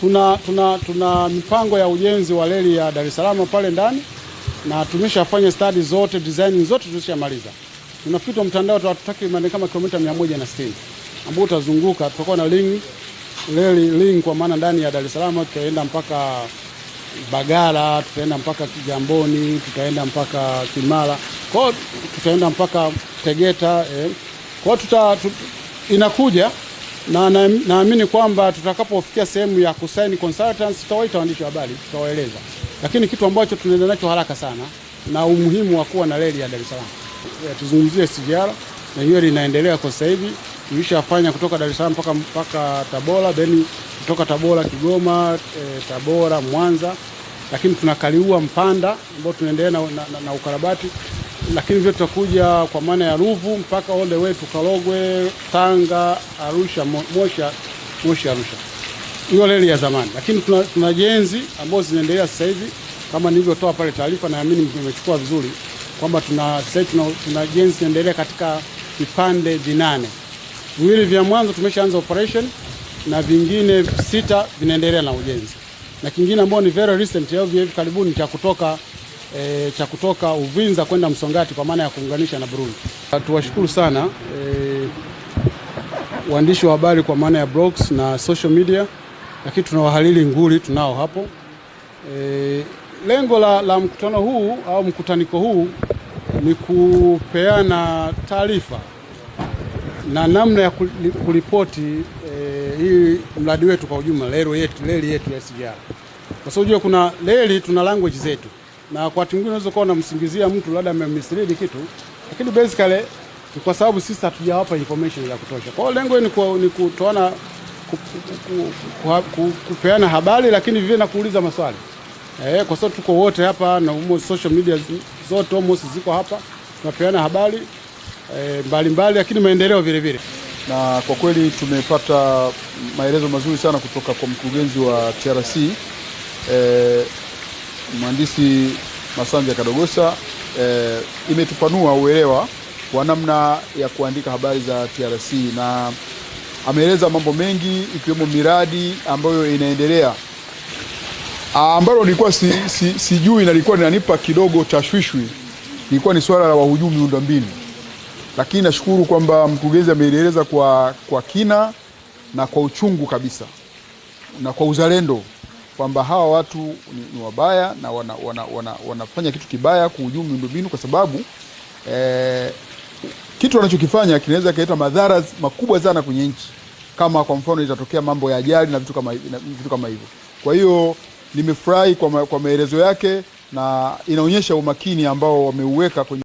Tuna, tuna, tuna mipango ya ujenzi wa reli ya Dar es Salaam pale ndani na tumeshafanya study zote, design zote tulishamaliza. Tunafikiri mtandao wa takriban kama kilomita 160 ambao utazunguka, tutakuwa na link reli link kwa maana ndani ya Dar es Salaam tutaenda mpaka Bagara, tutaenda mpaka Kigamboni, tutaenda mpaka Kimara, kwa tutaenda mpaka Tegeta eh. Kwa tuta, tut, inakuja na naamini na kwamba tutakapofikia sehemu ya kusaini consultants tutawaita waandishi wa habari tutawaeleza, lakini kitu ambacho tunaenda nacho haraka sana na umuhimu wa kuwa na reli ya Dar es Salaam. Eh, tuzungumzie SGR na hiyo linaendelea kwa sasa hivi, tulishafanya kutoka Dar es Salaam mpaka mpaka Tabora, then kutoka Tabora Kigoma, e, Tabora Mwanza, lakini tunakaliua Mpanda ambao tunaendelea na, na, na, na ukarabati lakini vile tutakuja kwa maana ya Ruvu mpaka all the way Tanga, Arusha, Moshi, Moshi Arusha. Hiyo reli ya zamani, lakini tuna, tuna jenzi ambazo zinaendelea sasa hivi kama nilivyotoa pale taarifa, naamini mmechukua vizuri kwamba tuna sasa tuna, tuna jenzi zinaendelea katika vipande vinane, viwili vya mwanzo tumeshaanza operation na vingine sita vinaendelea na ujenzi, na kingine ambao ni very recent, hivi karibuni cha kutoka e, cha kutoka Uvinza kwenda Msongati kwa maana ya kuunganisha na Burundi. Tuwashukuru sana e, waandishi wa habari kwa maana ya blogs na social media, lakini tuna wahariri nguli tunao hapo e, lengo la, la mkutano huu au mkutaniko huu ni kupeana taarifa na namna ya kuripoti e, hii mradi wetu kwa ujumla, reli yetu, reli yetu ya SGR, kwa sababu kuna reli, tuna language zetu na kwa watu wengine unaweza kuwa unamsingizia mtu labda amemmislead kitu, lakini basically ni kwa sababu sisi hatujawapa information ya kutosha. Kwa hiyo lengo ni, ku, ni kutoana ku, ku, ku, kupeana habari, lakini vivyo na kuuliza maswali eh, kwa sababu tuko wote hapa na umo social media zote almost ziko hapa, tunapeana habari eh, mbalimbali, lakini maendeleo vile vile na kwa kweli tumepata maelezo mazuri sana kutoka kwa mkurugenzi wa TRC eh, mhandisi Masanja Kadogosa e, imetupanua uelewa wa namna ya kuandika habari za TRC na ameeleza mambo mengi ikiwemo miradi ambayo inaendelea ambalo nilikuwa si, si, sijui na nilikuwa linanipa kidogo tashwishwi, nilikuwa ni swala la wahujumu miundombinu, lakini nashukuru kwamba mkurugenzi ameeleza kwa, kwa kina na kwa uchungu kabisa na kwa uzalendo kwamba hawa watu ni, ni wabaya na wana, wana, wana, wanafanya kitu kibaya kuhujumu miundombinu kwa sababu eh, kitu wanachokifanya kinaweza kaleta madhara makubwa sana kwenye nchi, kama kwa mfano itatokea mambo ya ajali na kama, vitu kama hivyo. Kwa hiyo nimefurahi kwa, ma, kwa maelezo yake na inaonyesha umakini ambao wameuweka kwenye